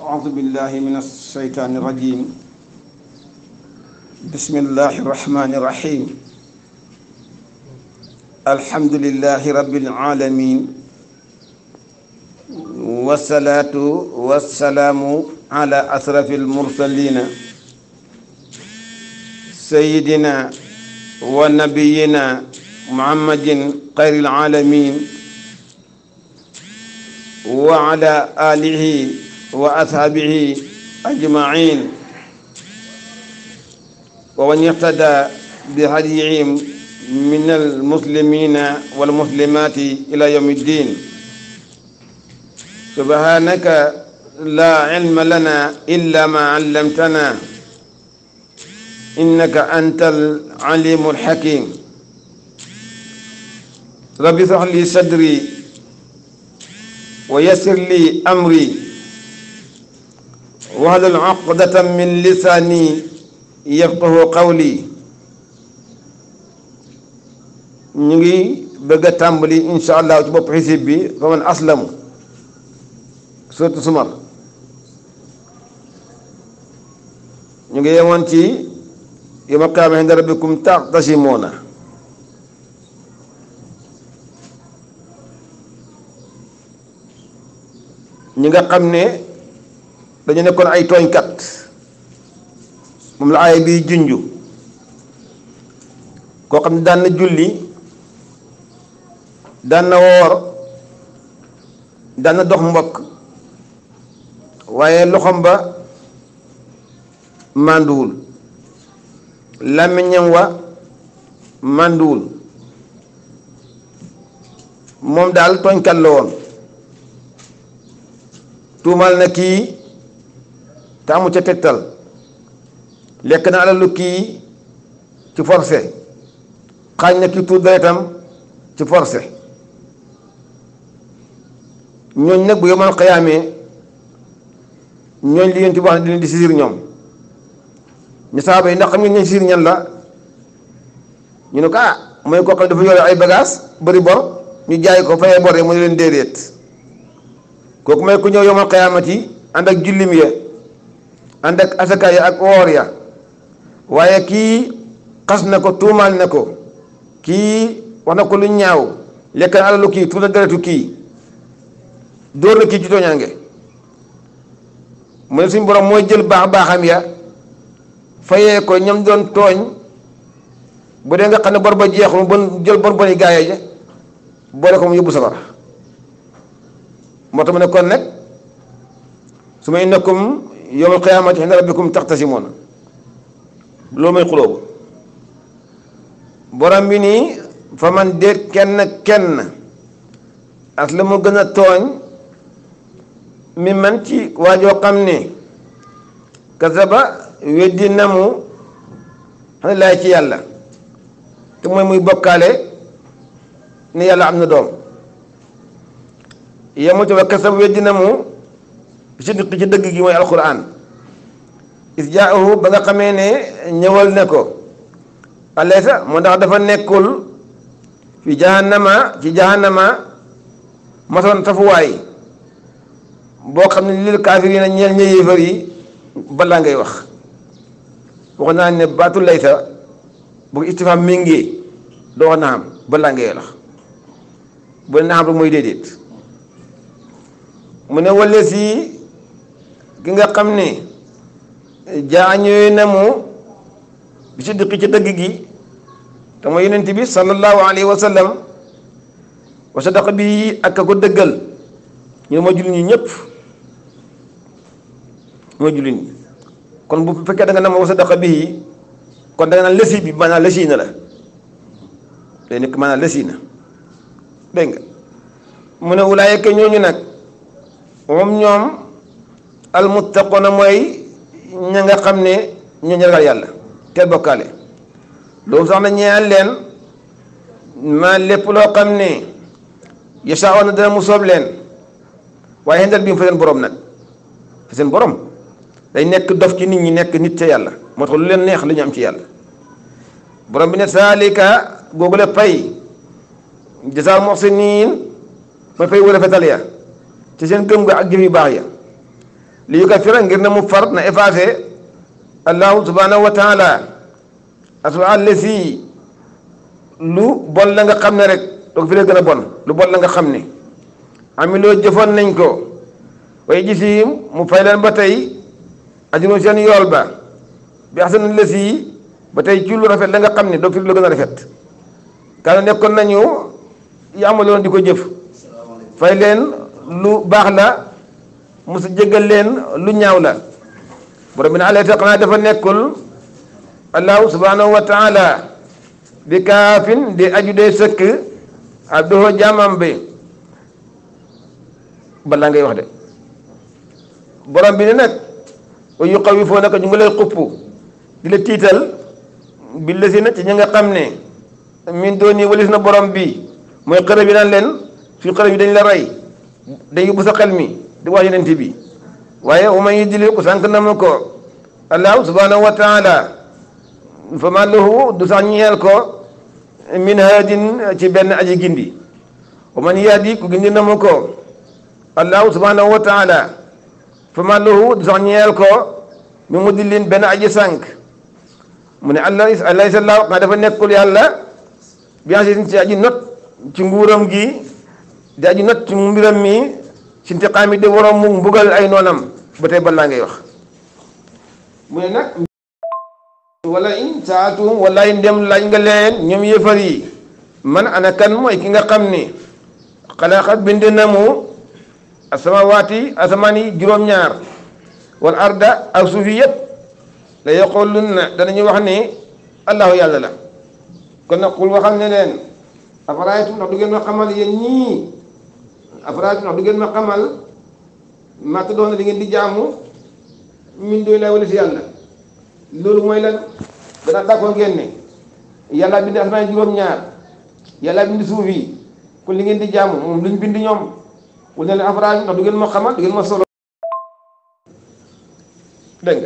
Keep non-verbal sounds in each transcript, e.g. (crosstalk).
أعوذ بالله من الشيطان الرجيم بسم الله الرحمن الرحيم الحمد لله رب العالمين والصلاة والسلام على أشرف المرسلين سيدنا ونبينا محمد خير العالمين وعلى آله وأصحابه أجمعين ومن يقتدى بهديهم من المسلمين والمسلمات إلى يوم الدين سبحانك لا علم لنا إلا ما علمتنا إنك أنت العليم الحكيم رب اشرح لي صدري ويسر لي أمري wahlul uqdatan min lisaani yafqahu qawli ñu ngi bëgg a tàmbali insha allah ci bopp xisib bi fa man aslamu surtout sumar ñu ngi yemoon ci yawmal qiyaamati inda rabbikum taxtasimuuna ñi nga xam dañu nekkoon ay tooñkat moom la aaya bi junju koo xam daan na julli daan na woor daan na dox mbokk waaye loxom ba mànduwul làmmiñam wa mànduwul moom daal tooñkat la woon tuumal na kii Tamu ca tegtal lekk na alalu kii ci forcé xaañ na ki tuur tam ci forcé ñooñ nak bu yomal qiyamé ñooñ li yéen ci wax ne di sir ñom ni saaba yi ndax xam ngeen ñi sir ñan la ñu ko ah ko xal dafa ay bagage bari bor ñu jaay ko fay bor mo mu leen may ko ñëw yomal qiyamati ànd ak jullim ya andak asaka ya ak wor ya waye ki xas nako ko tuumaal na ko kii ko lu ñaaw lekk na alalu kii tuuta deretu ki dóor na ki ci tooñaange mo sin borom moy jël bax baxam ya faye ko ñam doon tooñ bu de nga xane borba jeexu bu jël bon boni gaaya ja ko mu yobu sa kon yawmal qiyaamati inda rabbikum taxtasimoona loolu mooy xuloo ba bi nii fa man déet kenn kenn as la mu gën a tooñ mi man ci waajoo xam ne kasaba weddi namu xan xana ci yàlla te mooy muy bokkaale ne yàlla am na doom yemu te wa kasaba weddi na صدق جدك جماع القرآن إذ جاءه بذق مني نول نكو أليس مدغ دفن نكول في جهنم في جهنم مثلا تفواي بوك من للكافرين نيل نيفري بلانغي وخ وخنا نباتو ليسا بو استفام مينغي دو نام بلانغي لخ بو نام رو موي ديديت من ولسي gi nga xam ne eh, jaañooy na mu bi ci dëkk ci dëgg gi te mooy yonent bi sallallahu alayhi wa sallam wa sadaqa bi ak ko dëggal ñu ma jullit ñi ñëpp ñu ma jullit ñi kon bu fekkee danga nga nam wa sadaqa bi kon da nga naan lësi bi maanaam lësi na la day nekk maanaam lësi na dégg nga mu ne ulaayika ñooñu nag moom ñoom almuttaqoona mooy ña nga xam ne ñoo ñu ragal yàlla te bokkaale loolu sax na ñaan leen ma lépp loo xam ne yasaawoon na dana mu soob leen waaye xendal bi mu fa seen borom nag fa seen boroom dañ nekk dof ci nit ñi nekk nit ca yàlla moo tax lu leen neex la ñu am ci yàlla boroom bi ne saalika googu la pay jasaal muxsiniin mooy pay wala fetal ya ci seen gëm ga ak jëf baax ya li yu kafira ngir ne mu far na effacé allahu subhanahu wa taala aswa lu bon la nga xam ne rek doog fi gën a bon lu bon la nga xam ne amiloo jëfoon nañ ko way gisi mu fay leen ba tey ajuroo seen yool ba bi axsana allasi ba tey ci lu rafet la nga xam ne doog fi la gën a rafet kaana nekkoon nañu yaamaloon di ko jëf fay leen lu baax la musu jéggal leen lu ñaaw la borom bi ne ala taqnaa dafa nekkul allahu subhanahu wa taala bi kaafin di aju dee sëkk abdoho jaamam bi balaa ngay wax de borom bi ne nag yuxawwifuunaka ñu ngi lay xupp di la tiital bi lësina ci ñi nga xam ne min dooni walis na borom bi mooy xërëb yi naan leen suñu xërëb yi dañ la rey day yóbbu sa xel mi di wax yonent bi waaye wa man yudlil ko sànq na ma ko allahu subhanahu wa taala fa ma du sax ñeel ko min haadin ci benn aji gindi wa man yahdi ku gindi na ma ko allahu subhanahu wa taala fa ma du sax ñeel ko mi mudillin benn aji sànq mu ne allah alaysa allahu xanaa dafa nekkul yàlla bi ci aji not ci nguuram gi di aji not ci mbiram mi ci intiqaami di worom mu mbugal ay noonam ba tey balaa ngay wax mune nak wala in saatuhum wala in dem lañ nga len ñoom yëfar yi man ana kan moy ki nga xamni ni xalaqat bind na mu asamawaati asamaan ñaar wal arda ak suuf la yaqulun na wax ni allah yalla la kon na qul waxal ne len afaraytu ndax du ngeen xamal afaraatu ndax du gën ma xamal doon li ngeen di jaamu min doy lay wala ci yalla loolu mooy lan dana dako ngeen ne yàlla bind juróom-ñaar yalla bind suuf yi li ngeen di jaamu moom luñ bind ñoom wala ne afraat ndax du gën ma xamal du gën ma solo dégg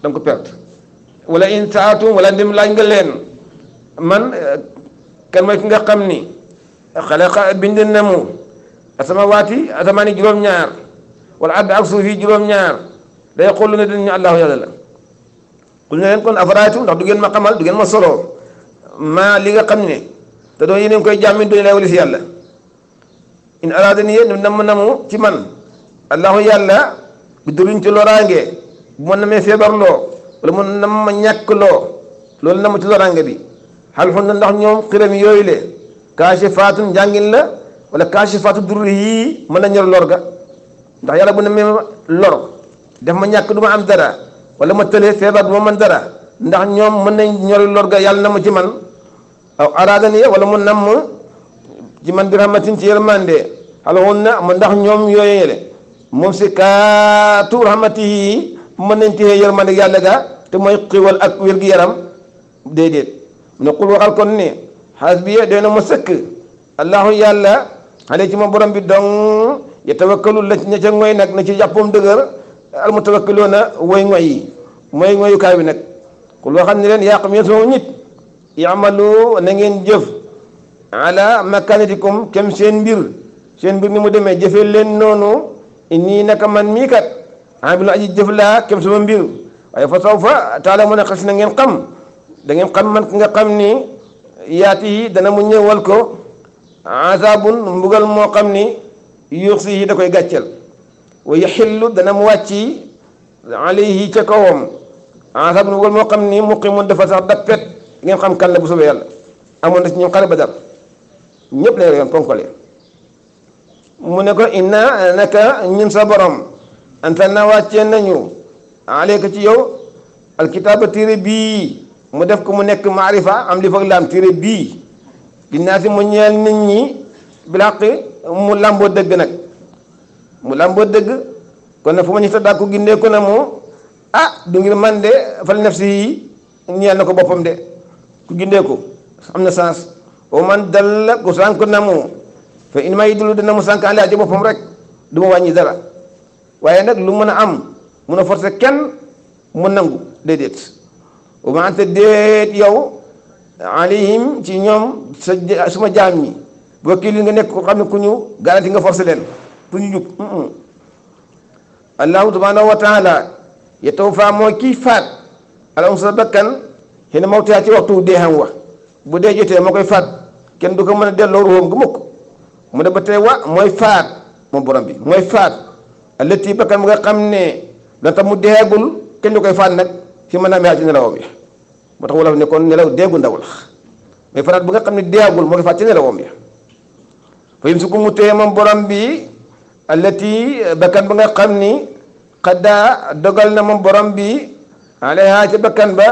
nga ko perte wala in wala laaj nga leen man kan may fi nga xam xalaqa bind na mu asamawaati asamaani juróom-ñaar wala àdd ak suuf yi juróom-ñaar day xool ne dinañu allahu yàlla la ku ne leen kon afaraaytum ndax du ngeen ma xamal du ngeen ma solo ma li nga xam ne te doon yéen koy jàmmi doon lay wali si yàlla in araada ni yéen nam namu ci man allahu yàlla bi duruñ ci loraange bu ma namee feebarloo wala mu nam ma ñàkk loo loolu namu ci loraange bi xal xun na ndax ñoom xiram yooyu le kaasifaatu njàngin la wala kaasifaatu durri yii mën na ñor lor ndax yàlla bu ne ma lor def ma ñàkk du ma am dara wala ma tëlee feebar du ma man dara ndax ñoom mën nañ ñori lor ga yàlla na ma ci man aw araadani wala mu nam ci man bi rahmatin ci yërmande xalawoon na ndax ñoom yooyele moom si kaatu rahmati yi mën nañ téye yërmande yàlla ga te mooy xiwal ak wér-gi-yaram déedéet mu ne xul waxal kon xaas bi na ma sëkk allahu yàlla xale ci ma borom bi dong ya tawakkalu la ña ca ngoy nag na ci jàppam dëgër al mutawakkiluuna woy ngoy yi mooy ngoyukaay bi nag ku loo xam ne leen yaa xam yéen sama nit yamalu na ngeen jëf ala makanatikum kem seen mbir seen mbir ni mu demee jëfee leen noonu nii naka man mii kat am bi lu aji jëf laa kem sama mbir fa saw fa na ngeen xam da ngeen xam man ki nga xam ni yaati yi dana mu ñëwal ko azabun mbugal moo xam ni yuuxsi yi da koy gàcceel wa yaxillu dana mu wàcci alayhi ca kawam azabun mbugal moo xam ni muqimun dafa sax dappet ngeen xam kan bu soobee yàlla amoon na ci ñoom xare ba dara ñëpp mu ne ko inna naka ñun sa borom antal na wàccee nañu aleyka ci yow alkitaaba téere bii mu def ko mu nekk maarifa am li foog laam téere bii dinaa si mu ñeel nit ñi bilàq mu làmboo dëgg nag mu làmboo dëgg kon nag fu ma ñu sa na mu ah du ngir si ñeel na ko boppam de ku gindee ko am na sens o man dal la ku sànk na mu fa in may dulu dina mu sànk àlaa ci boppam rek du ma wàññi dara waaye nag lu mën a am mun a forcer kenn mu nangu déedéet uman te déet yow alayhim ci ñoom sa suma jaam ñi wakiil nga nekk ko xam ne ku ñu garanti nga forcé leen pour ñu jub allahu subhanahu wa taala yatawaffa mooy kii faat al anfusa bakkan xina mawtihaa ci waxtu dee bu dee moo koy faat kenn du ko mën a delloo ruuxam mu ne ba wa mooy faat moom borom bi mooy faat allati bakkan mu nga xam ne da mu deeagul kenn du koy faat nag fi mën a amee ci nelawam bi ba tax wolof ne kon nelaw degu ndaw la mais farat bu nga xamni degul mo moo ngi fàtte nelawam ya fa yim suko mu téye borom bi allati bakan ba nga xamni qada dogal na mom borom bi alayha ci bakan ba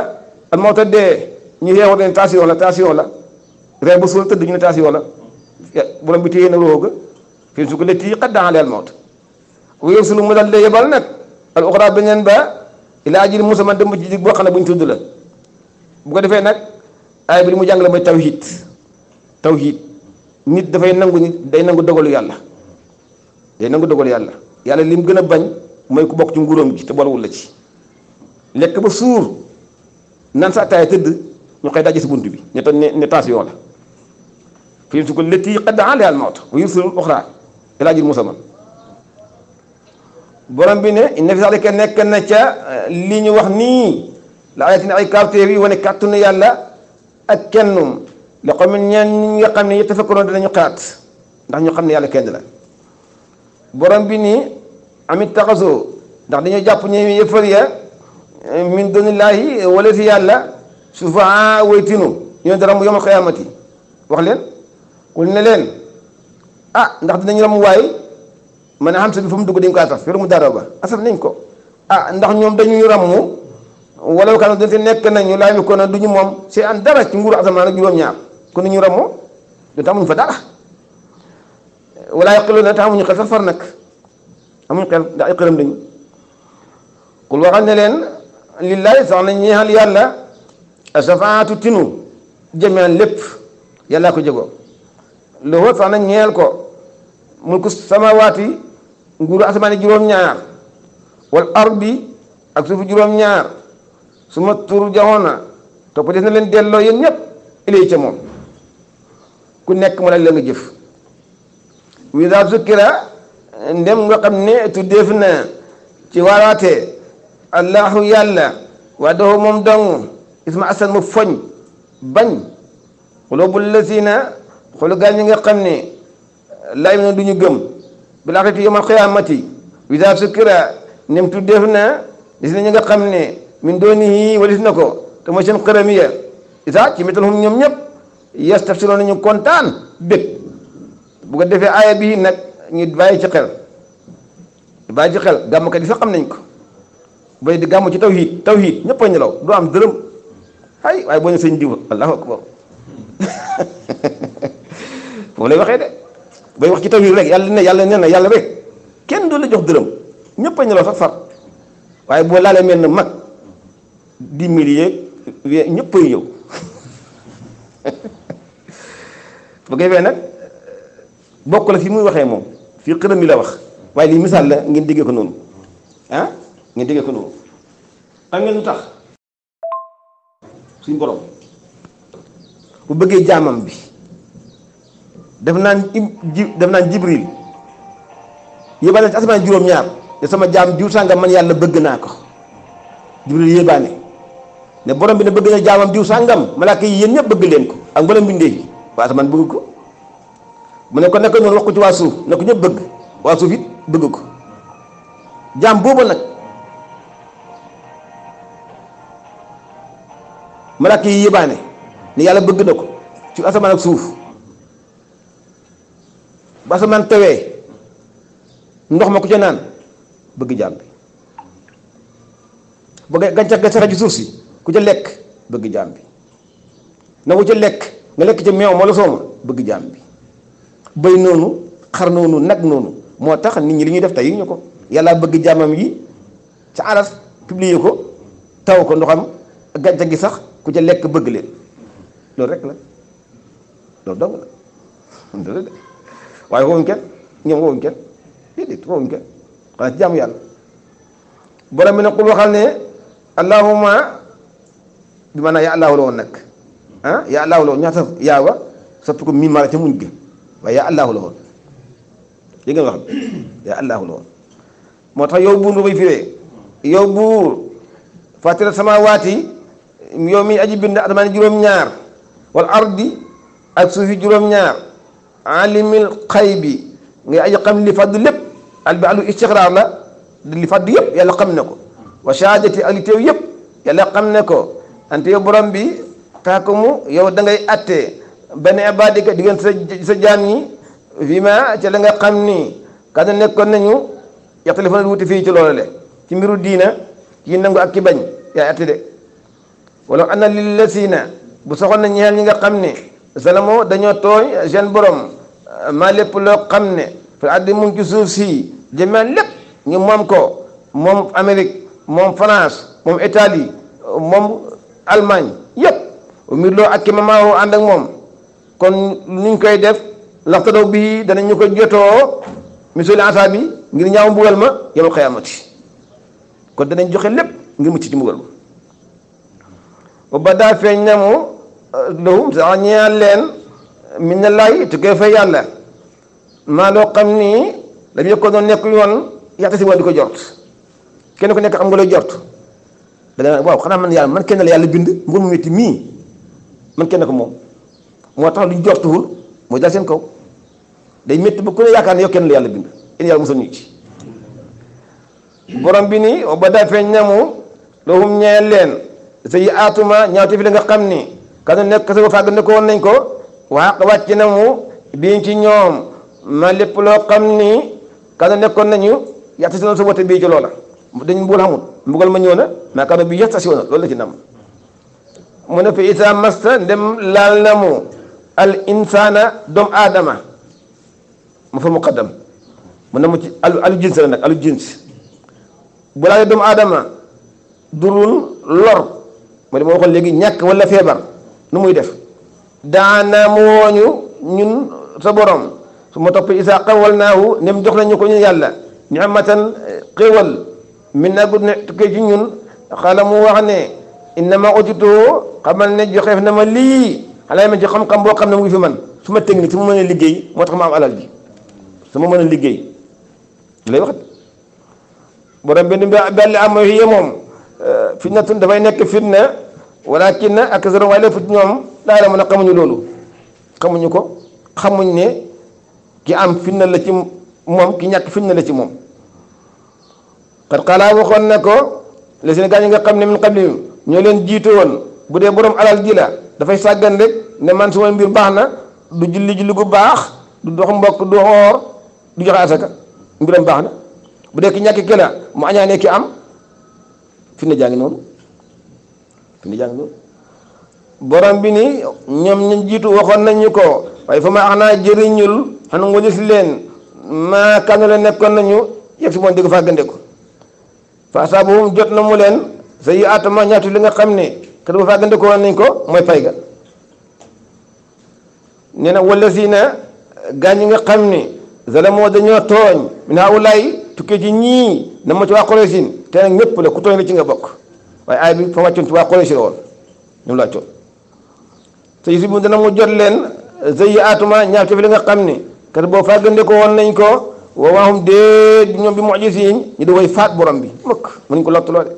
al mota de ñu yeewu den tension la tension la reer ba suul tëdd ñu ne tension la ya, borom bi teyena roga fi mu suko lati qada al wa mu dal de yebal nak al uxra ba ila ajil musamman dem ci dig buñ tuddu la bu ko defee nag aay bi li mu jàngale mooy tawhid tawhid nit dafay nangu nit day nangu dogalu yàlla day nangu dogalu yàlla yàlla li mu gën a bañ mooy ku bokk ci nguróom gi te borwul la ci lekk ba suur naan sa ataaya tëdd ñu xëy dajji si bunt bi ne ne tension la fi mu su ko lëtti xadd alayha al borom bi ne inna fi zaalika nekk na ca eh, li ñu wax nii لعيتنا عي كابتي وانا كاتون يالا اكنم لقوم نيان يقمن يتفكرون دنا نقات دا نيو يالا كين لا بروم بي ني امي تاخزو دا دنيو جاب ني يفر يا من دون الله ولا في يالا سوفا ويتينو يوم درام يوم القيامه واخلن قلنا لين اه دا دنا نيرم واي من خمسه بفم دوغ ديم كاتاف فيرمو داروبا اسف نينكو اه ندخ نيوم دنيو رامو wala kan donte nekk nañu laa mi ko na moom si an dara ci nguuru asamaan ak juróom-ñaar kon ni ñu ram moom du amuñu fa dara wala yaqiloo na tax amuñu xel sax far nag amuñu xel ndax ay xëram lañu xul waxal lépp yàllaa ko jegoo loolu sax na ñeel ko mulku samawaati nguuru asamaan yi juróom-ñaar wal ardi ak suufu juróom-ñaar su ma tur joxoon na topp des na leen delloo yéen ñëpp ilay ca moom ku nekk mu la la nga jëf wisa zukkira ndem nga xam ne tuddeef na ci waaraate allahu yàlla waa doxu moom dong isma asan mu foñ bañ xulubul lazina xolu gaa ñi nga xam ne laay na du ñu gëm bilaaxati yawmal qiyaamati wisa zukkira ndem tuddeef na gis na ñi nga xam ne min doonihi walis na ko te mooy seen xëramiya isa ci métal hum ñoom ñëpp yastafsiroon nañu kontaan bég bu ko defee aaya bi nag ñu bàyyi ci xel bàyyi ci xel gàmmkat yi sax xam nañ ko bay di gàmm ci tawhid tawhid ñëpp a ñelaw du am dërëm ay waaye boo ne sëñ diw allahu akbar (laughs) waxee de wax ci tawhid rek yàlla ne yàlla nee na yàlla rek kenn du la jox dërëm ñëpp a ñelaw sax far waaye boo laalee mel na mag dix mille yeeg we yow (laughs) bu ko defee nag bokk la fi muy waxee moom fii xërëm yi la wax waaye lii misaal la ngeen déggee ko noonu ah ngeen déggee ko noonu xam tax suñ borom bu bëggee jaamam bi daf naan ji daf naan jibril yébaane ci asamaan juróom-ñaar te sama jaam jiw sàngam man yàlla bëgg naa ko jibril yébaane ne borom bi ne bëgg na jaamam diw sangam malaaka yi yeen ñëpp bëgg leen ko ak mboolem bindee yi wa asamaan bëgg ko mu ne ko nekk ñu wax ko ci wa suuf ne ko bëgg wa suuf it bëgg ko jaam bobu nak malaaka yi yibane ni yalla bëgg na ko ci asaman ak suuf ba sama tewé ndox mako ci naan bëgg jaam bi ba gàncax ga sax ci suuf si ku ca lekk bëgg jaam bi nangu ca lekk nga lekk ca meew ma la sooma bëgg jaam bi béy noonu xar noonu nag noonu moo tax nit ñi li ñuy def tey ñu ko yàlla bëgg jaamam yi ca aras publier ko taw ko ndoxam gàncax gi sax ku ca lekk bëgg leen loolu rek la loolu dong la waaye woowuñ kenn ñoom woowuñ kenn déedéet woowuñ kenn xanaa ci jaamu yàlla borom bi nag ku waxal ne allahumma bi maanaam yaa allaahu la woon nag ah yaa allaahu la woon ñaata wa soppi ko miin maa la ca muñ yaa allaahu la woon li nga wax yaa allaahu la woon moo tax yow buur nga bay firee yow buur faatira samaawaati yow mi aji bind asamaan juróom-ñaar wal ardi ak suuf yi ñaar alimil xaybi ngay aji xam li faddu lépp al bi alu istixraar la li faddu yëpp yàlla xam ne ko wa shahaadati ak li teew yëpp yàlla xam ne ko ante yow borom bi taxakumu yow da ngay atte benn ibadika diggante sa sa jaam ñi fii ma ca nga xam ni kan nekkoon nañu yaxtalifuuna di wuti fii ci loolu le ci mbiru diina kii nangu ak ki bañ yaay atte de wala ana lillasiina bu soxoon na ñeel ñi nga xam ne salamoo dañoo tooñ seen borom ma lépp loo xam ne fil ardi mu ngi ci suuf sii ñu moom ko moom Amérique moom France moom Italie moom Allemagne yëpp umir loo ak ki ak moom kon nuñ koy def laxta daw bii dana ñu ko jotoo misoli ansa bi ngir ñaaw mbugal ma yow xiyamati kon danañ joxe lépp ngir mucc ci mbugal ma ba daa feeñ na mu lawum sax ñaan leen min na laay te koy fay yàlla maa loo xam ni dañu ko doon nekk yoon yaxta si waa di ko jort kenn ku nekk am nga lay jort dana waaw xanaa man yàlla man kenn la yàlla bind mbugal mu metti mii man kenn ko moom moo tax lu ñu jortuwul mooy dal seen kaw day métti ba ku ne yaakaar ne yow kenn la yàlla bind in yàlla musal ñu ci borom bi ni ba daa feeñ na mu lahum ñeel leen sa nga xam ni kanu nekk fàgg ne nañ ko waa wàcc na mu ci ñoom ma lépp loo xam ni kanu nekkoon nañu yàtta si noonu sa wote bii ci loola dañ mbugal xamut mbugal ma ñëw na maakaano bi yesta si woona loolu la ci nam mu ne fa isa masta ndem laal na al insana doomu aadama mu fa muqaddam mu ne mu ci alu alu jins la nag alu jins bu laalee doomu aadama durun lor ma di ma waxoon léegi ñàkk wala feebar nu muy def daana mu wooñu ñun sa borom su ma topp isa xawal naahu nem jox nañu ko ñun yàlla ni'matan eh, xéewal min naa gudd ne tukkee ci ñun xala mu wax ne innama utitoo xamal ne joxeef na ma lii xalaa ma ci xam-xam boo xam ne mu ngi fi man su ma technique su ma mën a liggéey moo tax ma am alal ji su ma mën a liggéey lay wax borom bi ni belli am yee moom euh, fitnatun dafay nekk fitna walakin ak zoro waaye lépp ñoom laa la mën a xamuñu loolu xamuñu ko xamuñ ne ki am fitna la ci moom ki ñàkk fitna la ci moom xat xalaa waxon na ko les seen gaañ nga xamne min qablihim ñoo leen jitu won bu de borom alal ji la fay sagan rek ne man suma mbir baxna na du julli julli gu bax du dox mbok du xor du jox asaka mbiram baxna bu de ki ñak ki la mu añane ki am fi ne jàngi non fi ne jàngi non borom bi ni ñom ñu jitu waxon nañu ko way fama ma ax naa jëriñul xan nga leen ma kanu la nekkon nañu yëg si moom dégg fàggande ko faasa boobu jot na mu leen sa yu atama ñaatu li nga xam ne kër bu fàggandikoo woon nañ ko mooy pay ga nee na wala si na gaañ nga xam ne zalamoo dañoo tooñ min haawulaay tukkee ci ñii na ma ci waa Quraysin te nag ñëpp la ku tooñ la ci nga bokk waaye aay bi fa wàccoon ci waa Quraysin woon ñoom la wàccoon te yusuf dana mu jot leen zayi atuma ñaawteef li nga xam ne kat boo fàggandikoo woon nañ ko wa waahum déet du ñoom bi mu'jizin ñu da koy faat borom bi mukk mënuñ ko lottuloo de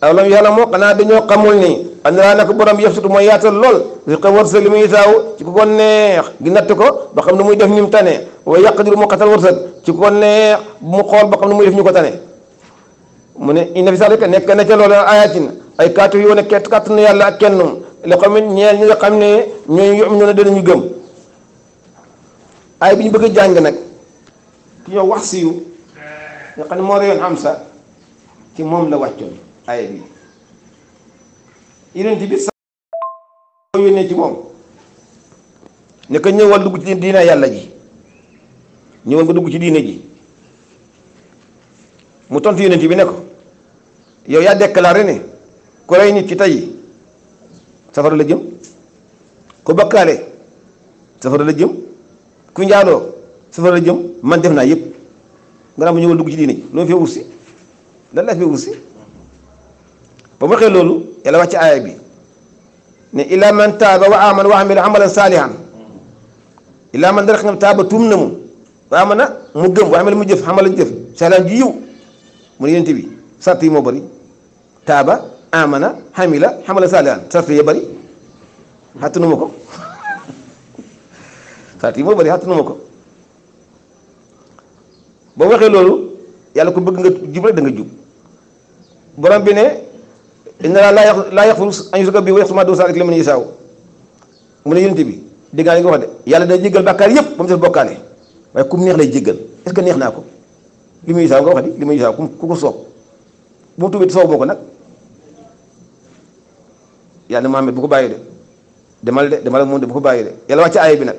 alam ya'lamu xanaa dañoo xamul ni andaa nag borom bi yëfsutu mooy yaatal lool risqa wërsëg li muy saaw ci ku ko neex gi natt ko ba xam ne muy def ñu mu tane wa yaqdiru mu xatal wërsëg ci ku ko neex mu xool ba xam ne muy def ñu ko tane mu ne inna fi zaalika nekk na ca loolu ayatin ay kaatu yoo ne kett kàttanu yàlla ak kennum li xam ñeel ñi nga xam ne ñooy yu'minuuna danañu gëm ay bi ñu bëgg a jàng nag ki ñoo wax siiw nga xam ne moo reyoon ci moom la wàccoon ay bi yonent bi sax ci moom ne ñëwal dugg ci diina yàlla ji ñëwal nga dugg ci diina ji mu tontu ci bi ne ko yow yaa déclaré ne ku rey nit ci tey safara la jëm ku bakkaale safara la jëm ku njaaloo safara la jëm man def naa yëpp nga naa ma ñëwal dugg ci diine noonu fee wursi lan laa fee wursi ba mu waxee loolu yàlla wàcc aaya bi ne illa man taaba wa amana wa amila amalan saalihan illa man dara xam taaba tuum na mu wa amana mu gëm wa amila mu jëf amalan jëf saalihan ju yiw mu ne yénte bi sart yi moo bëri taaba amana hamila hamala saalihan sart ya bëri xattanu ma ko salaat yi moo bëri xattanu ma ko boo waxee loolu yàlla ko bëgg nga jub rek da jub borom bi ne inna laa laa laa yaxfiru an yushraka bihi wa yaxfiru maa duuna zaalika liman yashaa mu ne yonent bi dégg naa li wax de yàlla day jéggal bàkkaar yëpp ba mu des bokkaale waaye kum neex lay jéggal est neex naa ko li muy yashaa nga wax di li muy yashaa ku ko soob bu mu tuubee soob moo ko nag yàlla Muhammad bu ko bàyyi de demal de demal ak moom de bu ko bàyyi de yàlla wàcc aaya bi nag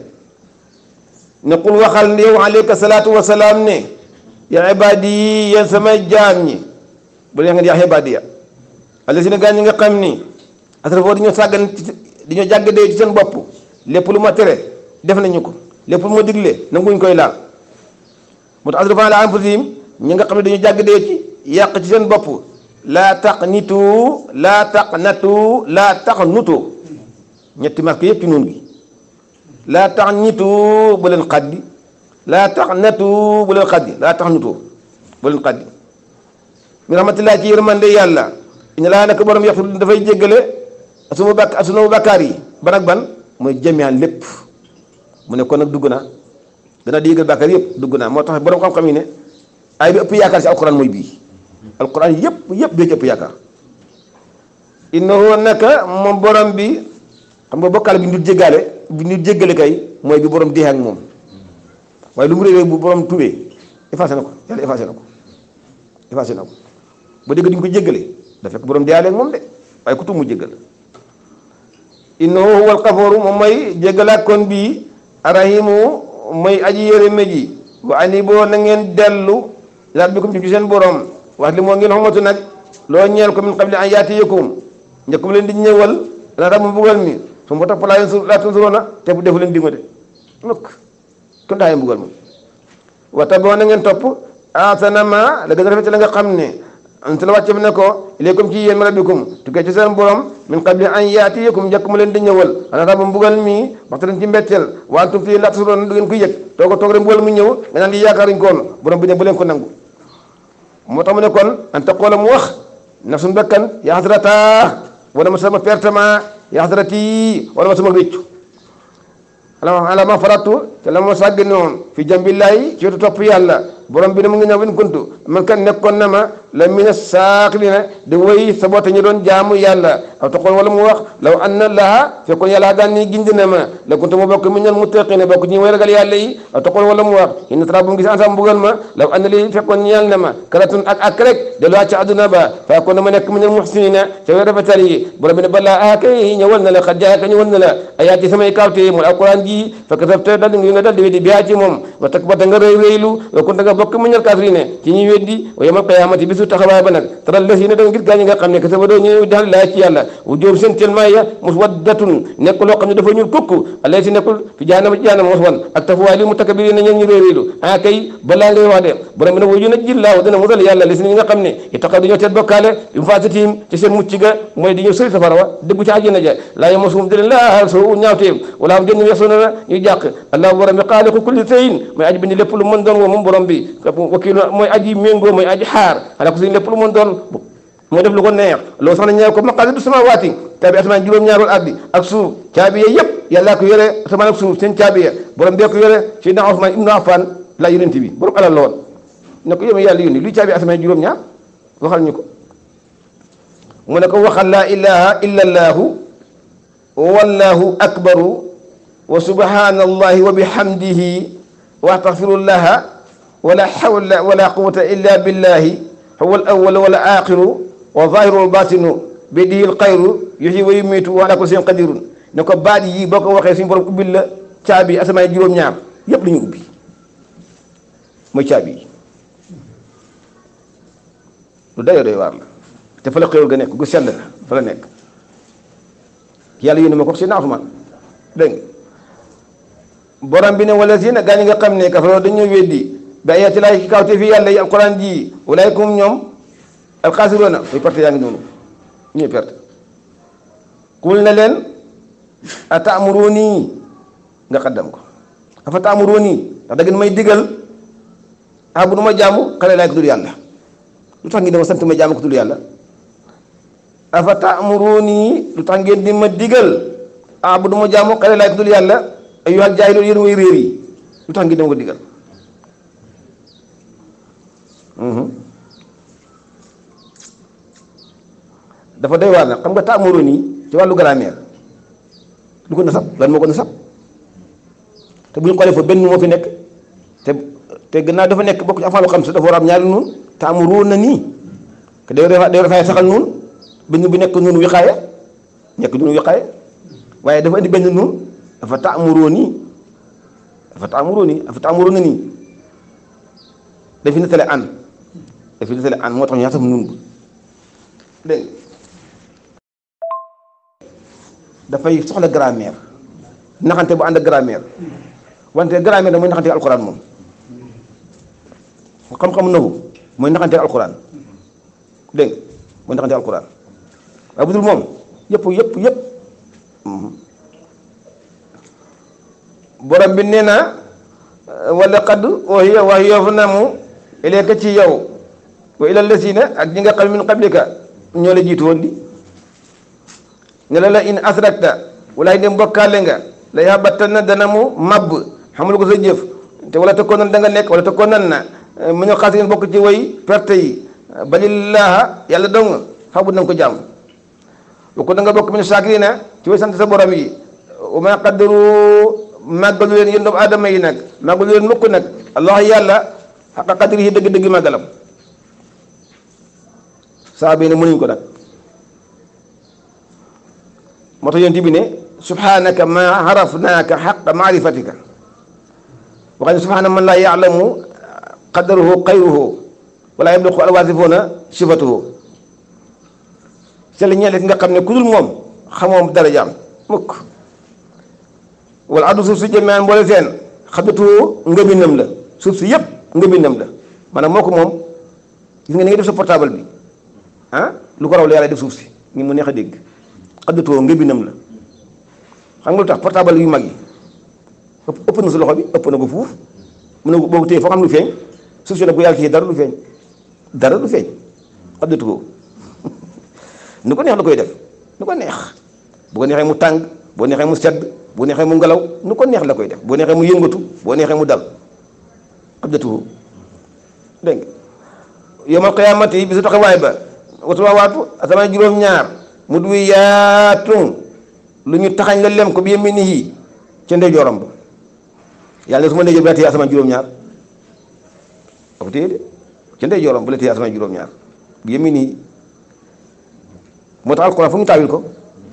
ne qul waxal ne yow alayka salaatu wa salaam ne yaa ibaadi yi yéen samay jaam ñi bu leen ngeen yaa ibaadi ya allasina gaa ñi nga xam ni asrafoo dañoo sàggan dañoo jàgg dee ci seen bopp lépp lu ma tere def nañu ko lépp lu ma digle nanguñ koy laal moo tax asrafoo ala anfusihim ñi nga xam ne dañoo jàgg dee ci yàq ci seen bopp laa taq nitu laa taq natu laa taq nutu ñetti marque yëpp ci noonu gi la tax nitu bu len xaddi la tax natu bu len xaddi la tax nitu bu len xaddi mi rahmatillaa ci yermande yalla ina la nak borom da fay jéggale asuma bak asuna bakkaar yi ban ak ban moy jamiaan lepp mu ne kon nak duguna dana di yëgal yep duguna mo tax borom xam-xam ni ay bi ëpp si alquran moy bi alquran yep yep bee ëpp innahu annaka mom borom bi xam nga bokkaale bi ndut bu ñu jéggale kay moy bi borom dee ak moom waaye lu mu rewé bu borom tuwé effacé nako yalla yàlla effacé na effacé dégg duñ ko jéggelé da fekk borom dialé ak moom de waaye ku tuub mu jéggal innahu qafuru mom may jéggelé kon bi arahimu may aji yéré meji wa bo na ngeen delu rabbikum ci sen borom wax li mo ngeen xamatu nak lo ñeel ko min qabli ayati yakum ñakum leen di ñëwal la ramu bugal mi su ma topp laa yansu laa tunsuroona te bu defu len dingo de nok ko daa mbugal moom wa tabo na ngeen topp asana ma la gën a rafet la nga xamne ant la wacce ne ko ilaykum ci yéen rabbikum ke ci sen borom min qabli an yatiyakum njëkk mu leen di ñewal ana ba mbugal mi wax tan ci mbettel wa antum fi la tun du ngeen koy yek toog a toog mbugal mu ñew nga nan di yaakaaruñ kon borom bi ne bu len ko nangu moo mu ne kon ko la mu wax nafsun bakkan ya hadrata wala musama sama pertement ya hadrati wala sama bittu ala ala ma faratu te lamo sagne non fi jambi lay ci to top yalla borom bi ne ngi ñaw kuntu man kan nekkon na ma la mina saakirina di way saboté ñu doon jaamu aw taqool wala mu wax law anna laha fekkoon yàlla daan nii gindi na ma la kuntu ma bokk mi ñal muttaqiina bokk ci ñi way karatun ak ak rek delluwaat ci àdduna ba fa kon ma nekk mi ñal muxsinina ca way rafetal yi borom bi ne balaa ah kay ñëwal na la xat jaay ka ñëwal na la ayaat yi samay kaawte yi mooy alquran ji fa kasabta dal nga dal di weddi biyaa ci moom wa takbata nga rëy rëylu wa kunta nga bokk mi ñal kaafirina tara les yi ne da nga gaa ñi nga xam ne ke saba doo ñu daal laaj ci wu jóob seen telmaay ya waddatun nekk loo xam ne dafa ñuul kukk alay si nekkul fi jaanama ci jaanama mos wan mu takkabiri na ah mooy wa déggu ci àjjana ja laa yo mosum di leen laaal soo aji bindi mooy aji méngoo ala ko suñu lépp lu mu doon moo def lu ko neex loolu sax na ñaaw ko maqaadiru samaawaati caabi asamaan juroom ñaarul addi ak suuf caabi ye yëpp yàlla ko yore asamaan ak suuf seen caabi ye borom bee ko yore na Usmaan ibnu afan la yonent bi borom alal la woon ne ko yow yàlla yónni luy caabi asamaan juróom-ñaar waxal ñu ko mu ne ko waxal laa ilaha illa allaahu wallahu akbaru wa subhanallahi wa bihamdihi wa astaghfirullaha wala hawla wala quwwata illa billahi huwa al wala wal aaxiru wa zaahiru wal baatinu bi dihil xayru yuhyi wa yumiitu wa alaa kulli shay'in qadiirun ne ko baat yi boo ko waxee suñu borom ubbil la caabi asamaan juróom-ñaar yëpp la ñu ubbi mooy caabi yi lu dayoo doy waar la te fa la xéwal ga nekk gu sell la fa la nekk yàlla yónni ma ko si naatumaan dégg borom bi ne wala si na gaa ñi nga xam ne kafaroo dañoo weddi bi ayaati laahi ci kawte fii yàlla yi alquran ji walaykum ñoom alxaasiroona muy perte yaa noonu ñuy perte kul na leen a taamuruuni nga xaddam ko afa taamuruuni ndax da ngeen may digal ah bu nu ma jaamu xale laay ko dul yàlla lu tax ngeen di ma sant ma jaamu di ma digal ah bu nu ma jaamu xale laay tax ngeen di ma digal. Mm-hmm. dafa doy waar nag xam nga taamoro nii ci wàllu grammaire lu ko nasab lan moo ko nasab te bu ñu xoolee fa benn moo fi nekk te te gannaaw dafa nekk bokk ci afaalu xam si dafa war a am ñaari noonu taamoro na nii te day day rafaay saxal noonu benn bi nekk noonu wiqaaya nekk noonu wiqaaya waaye dafa indi benn noonu dafa taamoro nii dafa taamoro nii dafa taamoro na nii dafi nettale ànd dafay soxla grammaire naxante bu ànd grammaire wante grammaire da mooy naxante alquran moom xam-xam nafu mooy naxante alquran dégg mooy naxante alquran waaye moom yëpp yëpp yëpp mhm. borom bi nee na wala na mu ileeka ci yow wa ila lazina ak ñi nga xam min qablika ñoo la jiitu woon di la la in asrakta walaay dem bokkaale nga la yaabatanna dana mu màbb xamul ko sa jëf te wala tëkkoon nan da nga nekk wala tëkkoon nan na mu ñëw xaas ngeen bokk ci way perte yi balillaaha yàlla dong xaw bu nanga ko jàmm bu ko da nga bokk min saakirina ci way sant sa borom yi wa ma qaddaru màggalu leen yéen doomu aadama yi nag màggalu leen mukk nag allah yàlla xaqa qadrihi dëgg-dëgg màggalam saaba yi ne mënuñ ko nag moo tax yonent bi ne subhanaka ma arafnaaka xaqa maarifatika wax ne subhana man laa yaalamu qadaruhu xayruhu wala yamliqu alwaasifuuna sifatuhu sell ñeel ki nga xam ne ku dul moom xamoom darajaam mukk wala addu suuf si jëmeen mboole seen xabdatu ngëbinam la suuf si yëpp ngëbinam la maanaam moo ko moom gis nga ni nga def sa portable bi lu ko raw la yàlla def suuf si ni mu neex a dégg xaddutoo la xam nga lu tax portable yu magi yi ëpp na sa loxo bi ëpp na ko fuuf mun na ko boo ko xam lu feeñ suuf si nag bu yàlla téye dara lu feeñ dara lu feeñ xaddutoo (laughs) nu ko neex lu koy def nu ko neex bu ko neexee mu tàng boo neexee mu sedd boo neexee mu ngelaw nu ko neex la koy def boo neexee mu yëngatu boo neexee mu dal xaddutoo dégg yomal bi su ba wasawaatu asamaan juróom-ñaar mu duy yaatun lu ñu taxañ la lem ko bi yemini yi ca ndeyjooram ba yàlla ne su ma ndeyjoor bi la téye asamaan juróom-ñaar ba ko de ca ndeyjooram ba la téye asamaan juróom-ñaar bi yemini yi moo tax alxuraan fu ñu taawil ko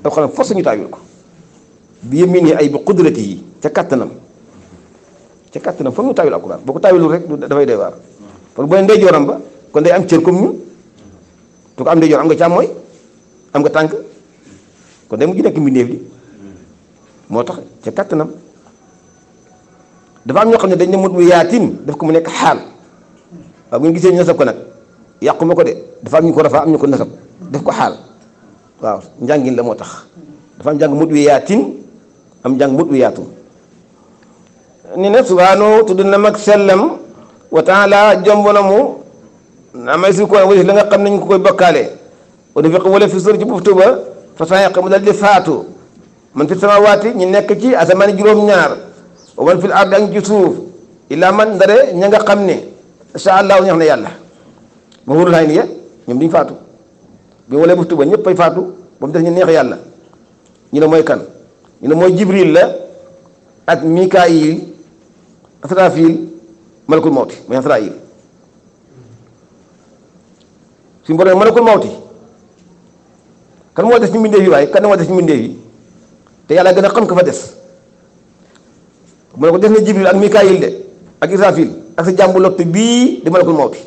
alxuraan force ñu taawil ko bi yemini ay bi qudrati yi ca kàttanam ca kàttanam foog ñu taawil alxuraan boo ko taawilul rek dafay doy waar parce boo ne ndeyjooram ba kon day am cër comme ñu su ko am ndeyjoor am nga càmmooñ am nga tànk kon day mujj nekk mbindeef li moo tax ca kàttanam dafa am xam ne dañ ne mu yaatin daf ko mu nekk xaal bu ñu gisee ñu nasab ko nag yàqu ko de dafa am ñu ko rafaa am ñu ko nasab def ko xaal waaw njàngin la moo tax dafa am njàng mut wi yaatin am njàng mut wi ni ne na subhaanahu tudd na mag sellam wa taala naa may si la nga xam ne ñu ko koy bokkaale wala fi wala fi sër ci buftu ba façon mu faatu man fi samawaati ñu nekk ci asamaan juróom-ñaar man fil ardi ak ci suuf illaa man ndare ña nga xam ne incha allah ñax na yàlla ma wóorul xay ni ya ñoom duñ faatu bi wala buftu ba ñëpp ay faatu ba mu def ñu ñu ne mooy kan ñu ne mooy jibril la ak asrafil malakul mawti mooy asraayil suñu borom ko mawti kan mo def ci mbindee yi waaye kan mo def ci mbindee yi te yalla gëna xam ko fa def mané ko def na jibril ak mikaayil de ak israfil ak sa jambu lott bi di ko mawti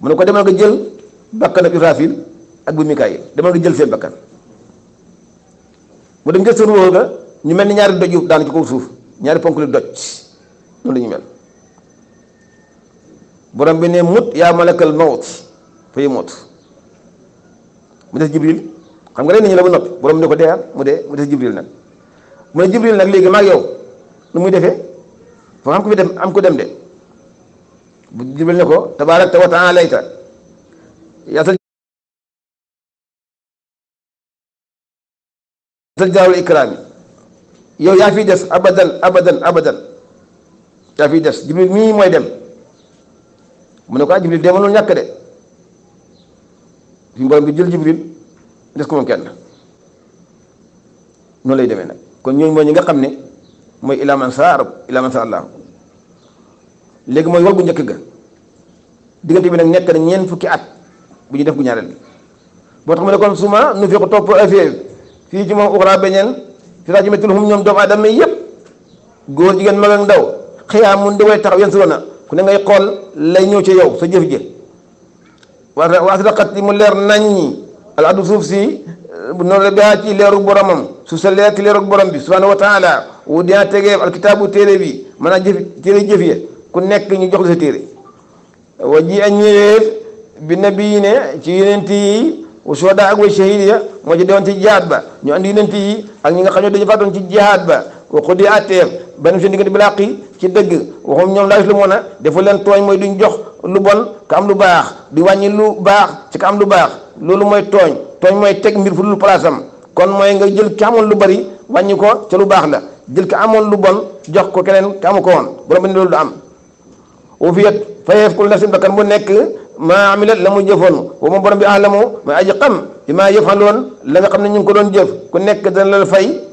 mané ko demal nga jël bakkan ak israfil ak bu mikaayil demal nga jël seen bakkan mo dem jël seen ruux ñu melni ñaari doju daan ci ko suuf ñaari ponku li doj non lañu melni borom bi ne mut yaa malakal mawt fa yamut mu des jibril xam nga rey nañu la ba noppi borom bi ne ko deyal mu dee mu des jibril nag mu ne jibril nag léegi maag yow nu muy defee foo xam ko fi dem am ko dem de jibril ne ko tabaarakta wa taalayta yaa sa yow yaa fiy des abadan abadan abadan yaa jibril mii mooy dem mu ne ko ah jibril dee mënul ñàkk de fi borom bi jël jibril des ko moom kenn noonu lay demee nag kon ñooñu mooy ñi nga xam ne mooy ilaa man saa ilaa man saa allah léegi mooy wal gu njëkk ga diggante bi nag nekk na ñeent fukki at bu ñu def gu ñaareel bi boo tax mu ne kon suma nu fiqu topp affaire fii ci moom uxraa beñeen fi taa ci méttul hum ñoom doomu aadama yëpp góor jigéen mag ak ndaw xëyaa mun di way taxaw yéen suro na ku ne xool lay ñëw ci yow sa jëf jë waas raqat yi mu leer naññi alaadu suuf si noonu la baa ci leeru boromam suuf sa leer ci leeru bi subhanahu wa taala wu dinaa tegeef alkitaabu téere bi maanaam jëf téere jëf ya ku nekk ñu jox la sa téere wa ji a ñëweef bi nabi ne ci yonent yi wa shuhada ak wa shahid ya moo ci dewoon ci jaat ba ñoo andi yonent yi ak ñi nga xam ne dañu faatoon ci jihaad ba wa xudi atteef benn seen diggante bi làqi ci dëgg waxum ñoom laaj lu mu a dafa leen tooñ mooy duñ jox lu bon ka am lu baax di wàññi lu baax ci ka am lu baax loolu mooy tooñ tooñ mooy teg mbir fu dul palaasam kon mooy nga jël ki lu bari wàññi ko ca lu baax la jël ka amoon lu bon jox ko keneen ka amu ko woon borom bi loolu du am au fait fayeef ku nafsin bakkan bu nekk maa amilat la mu jëfoon wa moom borom bi ma aji xam bi maa yëfaloon la nga xam ne ñu ngi ko doon jëf ku nekk dana la fay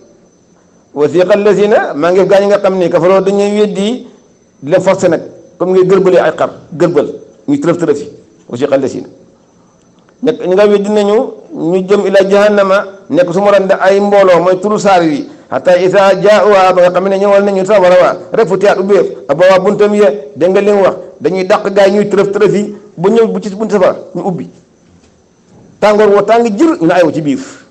wasiqa allazina ma ngi gañ nga xam ni kafaroo dañuy weddi di forcer nak comme ngay gërbale ay xar gërbal ñu tërëf tërëfi wasiqa allazina nekk ñu nga weddi nañu ñu jëm ila jahannama nek su morande ay mbolo moy turu saar yi hatta isa jaauha ba nga xam ne ñëwal nañu sawara refu ti fu tiyaat ubbeef abawaa buntam ye ya, de nga li wax dañuy dakk gaay ñuy tërëf tërëf yi bu ñew bu ci buntu safara ñu ubbi tàngoor woo tàng jër ñu wu ci biif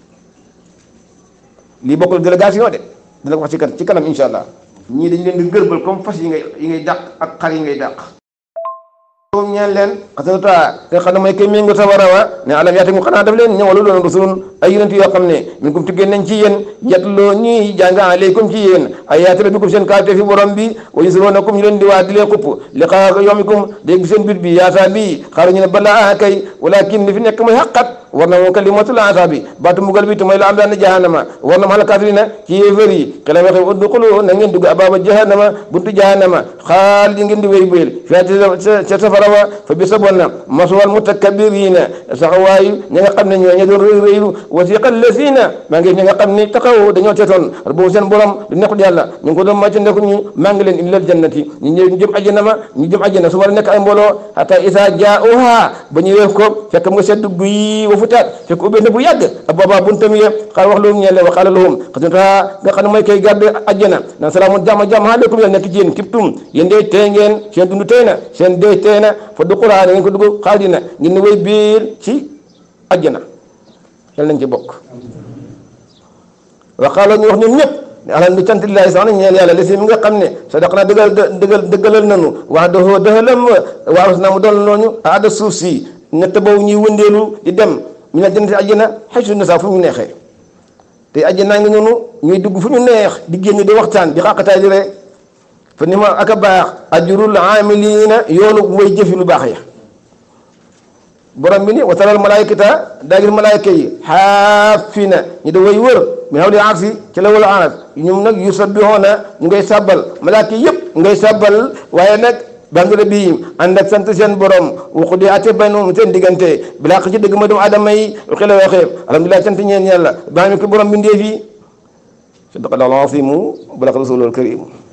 li bokul delegation de dina ko wax ci kan ci kanam incha allah ñii dañ leen di gërbal comme fas yi ngay yi ak xar yi ngay dàq om ñeen leen xasata te xam ne mooy kay méngo sa war a wa ne alam yaati mu xanaa daf leen ñëwalu doon rasulun ay yonent yoo xam ne min kum tiggéen nañ ci yéen yatloo ñuy jàng aleykum ci yéen ay yaati fi borom bi wa yusiroonakum ñu leen di waa di leen xupp li xaa yoomikum dégg seen bit bi yaataa bi xaaru ñu ne balaa kay walakin li fi nekk mooy xaqat war na woo kalimatul azabi baatu mbugal bi te mooy la am daan jahannama war na ma alkaafirina ci yéefar yi xelam waxe udxulu na ngeen dugg abaaba jahannama buntu jahannama xaalid ngeen di wéy béyal fiihaa ca safara wa fa bisa bon na maswal mutakabirina sax waayu ña nga xam ne ñoo ña doon rëy rëylu wasiqa lazina maa ngi ña nga xam ne taxaw dañoo teetoon boobu seen borom du nekkul yàlla ñu ngi ko doon màcc ndekku ñu maa ngi leen ilal jannati ñu ñëw ñu jëm ajjana ma ñu jëm ajjana su war a nekk ay mbooloo hatta isa jaauha ba ñu weef ko fekk mu nga seddu guyi ko futaat fekk ubbi na bu yàgg ab booba buntam ya xaar wax loolu ñeel waxaala lahum xasnata nga xam ne mooy koy garde àjjana naan salaamun jàmm jàmm aleykum yàlla nekk ci yéen kiptum yéen dee tey ngeen seen dund tey na seen dee tey na fa du quraan ngeen ko dugg xaalidina ngeen ne way biir ci àjjana yàlla nañ ci bokk waxaala ñu wax ñoom ñëpp alhamdu cantillahi sax na ñeel yàlla lesi mi nga xam ne sa naa na dëggal dëggalal nanu wax doo dëxalam waaros naa mu doon looñu aada suuf si na tabaw ñuy wëndeelu di dem mu ne jënd àjjana xëy na fu ñu neexee te àjjanaa ngi noonu ñuy dugg fu ñu neex di génn di waxtaan di xaqataay di ree fa baax ajurul amilina yoonu way jëfi lu baax ya borom bi ni wa taral malaayikata daa gis malaayika yi ñu da way wër mi xaw di aksi ci la wala anas ñoom nag yu sabbixoona ñu ngay sàbbal malaayika yëpp ngay sàbbal waaye nag bangale bi ànd ak sant seen borom waxu di ate baynum seen diggante bilaa ci dëgg ma doomu aadama yi waxee la waxee alhamdulilah sant ñeen yàlla baa mi ko borom bi ndéef sadaqallahu al-azimu balagha